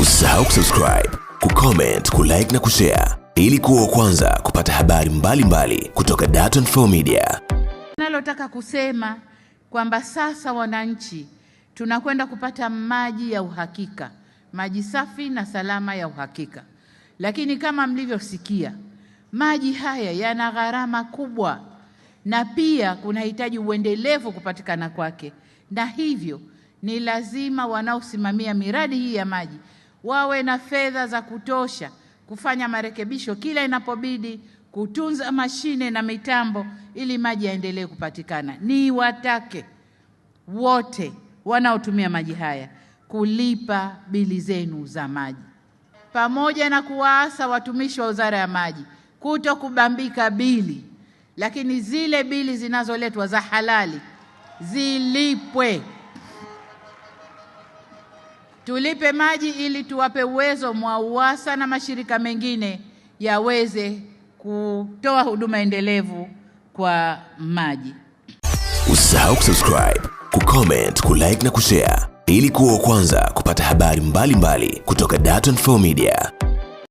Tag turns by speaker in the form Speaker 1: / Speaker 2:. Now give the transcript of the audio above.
Speaker 1: Usisahau kusubscribe, kucomment, kulike na kushare ili kuwa kwanza kupata habari mbalimbali mbali kutoka Dar24 Media.
Speaker 2: Nalotaka kusema kwamba sasa wananchi tunakwenda kupata maji ya uhakika, maji safi na salama ya uhakika. Lakini kama mlivyosikia, maji haya yana gharama kubwa na pia kunahitaji uendelevu kupatikana kwake, na hivyo ni lazima wanaosimamia miradi hii ya maji wawe na fedha za kutosha kufanya marekebisho kila inapobidi, kutunza mashine na mitambo ili maji yaendelee kupatikana. Ni watake wote wanaotumia maji haya kulipa bili zenu za maji, pamoja na kuwaasa watumishi wa Wizara ya Maji kuto kubambika bili, lakini zile bili zinazoletwa za halali zilipwe tulipe maji ili tuwape uwezo MWAUWASA na mashirika mengine yaweze kutoa huduma endelevu kwa maji. Usisahau kusubscribe, kucomment, kulike na kushare ili kuwa wa kwanza kupata habari mbalimbali mbali kutoka Dar24 Media.